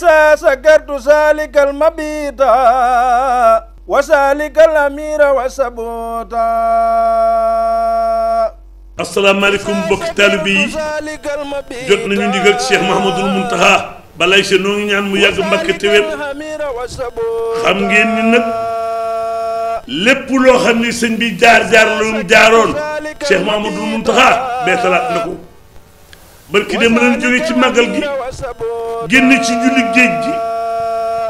sa sakartu salika almabita wa salika alamira wa sabuta asalaamaaleykum mbokki taalibe yi jot nañu ndigal ci Cheikh Mouhamadoul Mountakha balay se noo ngi ñaan mu yàgg Mbàkke te wér xam ngeen ni nag lépp loo xam ni sëñ bi jaar-jaar la mu jaaroon Cheikh Mouhamadoul Mountakha beetalaat na ko barki dem leen jóge ci màggal gi génn ci julli géej gi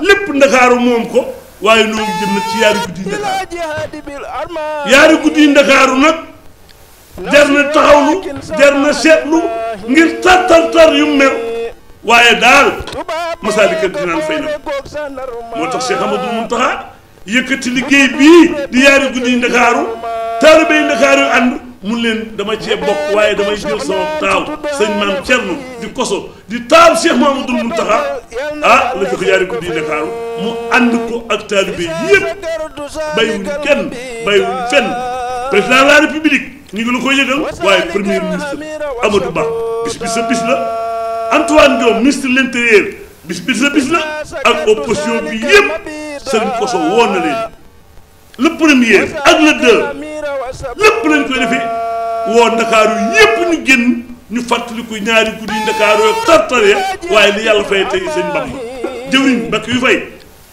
lépp ndakaaru moom ko waaye noo ngi jëm nag ci yaari guddi ndakaaru yaari guddi ndakaaru nag jar na taxawlu jar na seetlu ngir yu mel waaye daal Masaalikul Jinaan fay na moo tax Cheikh Amadou Muntaxa yëkkati liggéey bii di yaari guddi ndakaaru taalibe yi ndakaaru yu ànd mun leen dama cee bokk waaye damay jël sama taaw sëñ maam Thierno di koso di taaw Cheikh Mamadou Mountakha ah la jox yaari guddi Ndakaaru mu ànd ko ak taalibe yëpp bàyyiwuñ kenn bàyyiwuñ fenn président de la république ñu ngi la koy yëgal waaye premier ministre Amadou Ba bis bi sa bis la Antoine Diome ministre de l'intérieur bis bi sa bis la ak opposition bi yëpp sëriñ koso woon na leen le premier ak le deux. lépp lañ koy defee woo ndakaaru yépp ñu génn ñu fàttaliku ñaari guddi ndakaaru ak tartare waaye li yàlla fay tey sëñ Bamba jëwriñ mbakk yu fay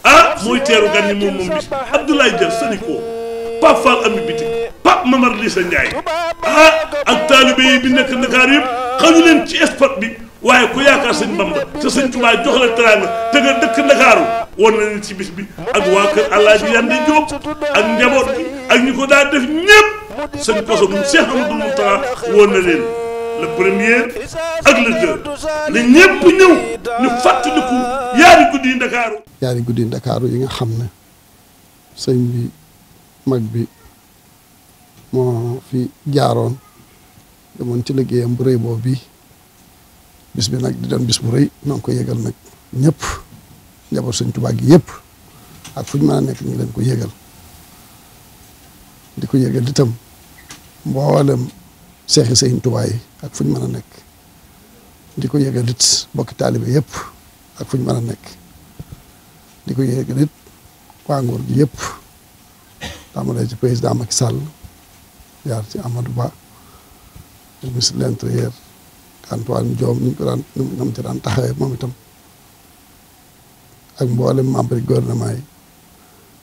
ah mooy teeru gan ñi moom moom bis Abdoulaye Diagne Saniko Pape Fall ami biti Pape ah ak taalibe bi nekk ndakaaru yëpp xañu leen ci sport bi waaye ku yaakaar sëñ Bamba te sëñ Tuubaa jox la teraanga te nga dëkk Ndakaaru woon na leen ci bis bi ak waa kër Alaaji Yande Jóob ak njaboot bi ak ñi ko daa def ñépp sëñ Koso moom Cheikh Amadou woon na leen le premier ak le deux ne ñëpp ñëw ñu fàttaliku yaari guddi yaari guddi ndakaaru yi nga xam ne sëñ bi mag bi moo fi jaaroon demoon ci liggéeyam bu rëy boobu bi bis bi nag di doon bis bu rëy ngi ko yëgal nag ñëpp njaboot sëñ Tuubaa gi yëpp ak fu ñu mën a nekk ñu leen ko yëgal di ko yëgal itam mboolem seexi sëriñ Tuubaa ak fuñ mën a nekk di ko yëgal it bokki taalibe yëpp ak fuñ mën a nekk di ko yëgal it waa nguur gi yëpp tàmbalee ci président Macky Sall jaar ci Amadou Ba ministre de l'intérieur Antoine Diome ñu ko daan ñu mu ci daan taxawee moom itam ak mboolem membre gouvernement yi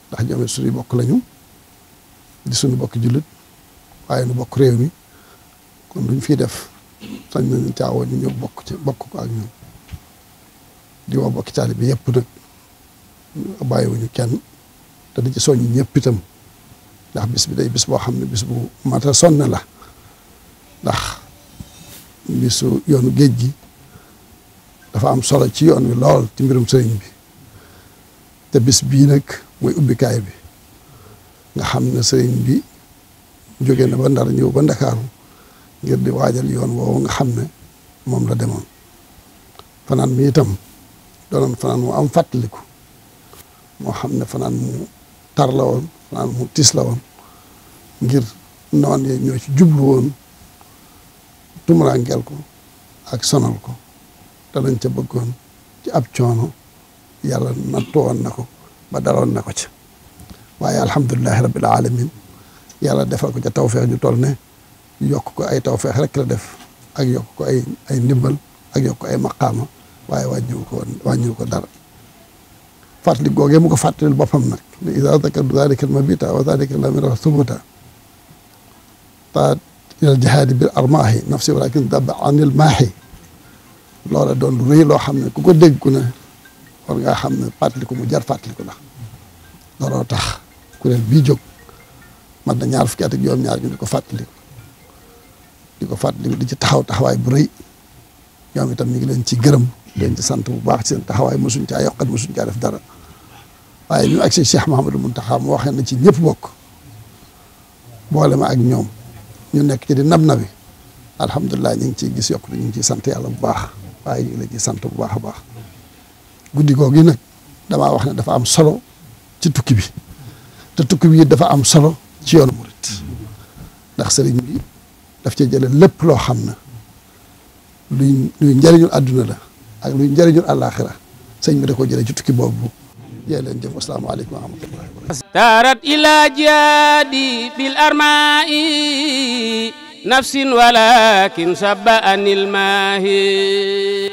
ndax ñoom suñu bokk lañu di suñu bokk jullit waaye nu bokk réew mi kon duñ fiy def sañ nañu caawoo ñu ñëw bokk ci bokk ko ak ñoom di bokki taali bi yëpp nag bàyyiwuñu kenn te di ci soññ ñëpp itam ndax bis bi day bis boo xam ne bis bu mata sonn la ndax bisu yoonu géej gi dafa am solo ci yoon wi lool ci mbirum sëriñ bi te bis bii nag mooy ubbikaay bi nga xam ne sëriñ bi jóge na ba ndar ñëw ba ndakaaru ngir di waajal yoon woowu nga xam ne moom la demoon fanaan mi itam doonoon fanaan mu am fàttaliku moo xam ne fanaan mu tar la woon fanaan mu tis la woon ngir noon ye ñoo ci jublu woon tumurangeel ko ak sonal ko te lañ ca bëggoon ci ab coono yàlla nattu woon na ko ba daloon na ko ci waaye alhamdulilahi rabbil alamin yàlla defal ko ca tawfeex ju toll ne yokk ko ay tawfeex rek la def ak yokk ko ay ay ndimbal ak yokk ay maqaama waaye wàññiwu ko wàññiwu ko dara fàttali googee mu ko fàttalil boppam nag li iza zakaru zalikal mabita wa zalikal lamira subuta ta ilal jihaadi bil armaahi nafsi walakin daba anil maahi doon lu loo xam ne ku ko dégg ku ne war ngaa xam ne fàttaliku mu jar ko la looloo tax kuréel bii jóg man na ñaar fukki at ak juróom-ñaar ñu di ko fàttali di ko fàttali di ci taxaw taxawaay bu rëy ñoom itam ñu ngi leen ci gërëm leen ci sant bu baax ci seen taxawaay mosuñ caa yokkat mosuñ caa def dara waaye ñu ak si Cheikh Mahamadou Mountakha mu waxee na ci ñëpp bokk boole ma ak ñoom ñu nekk ci di nab nabi alhamdulilah ñu ngi ciy gis yokk ñu ngi ciy sant yàlla bu baax waaye ñu ngi leen ciy sant bu baax a baax guddi googu nag damaa wax ne dafa am solo ci tukki bi te tukki bi dafa am solo ci yoonu murit ndax sëriñ bi daf cee lépp loo xam na luy luy njëriñul àdduna la ak luy njëriñul àllaaxira sëñ bi da ko jële ci tukki boobu jee leen jëf asalaamaaleykum wa rahmatullahi wa barakatuh taarat ila jihaadi bil armai nafsin walakin sabba anil maahi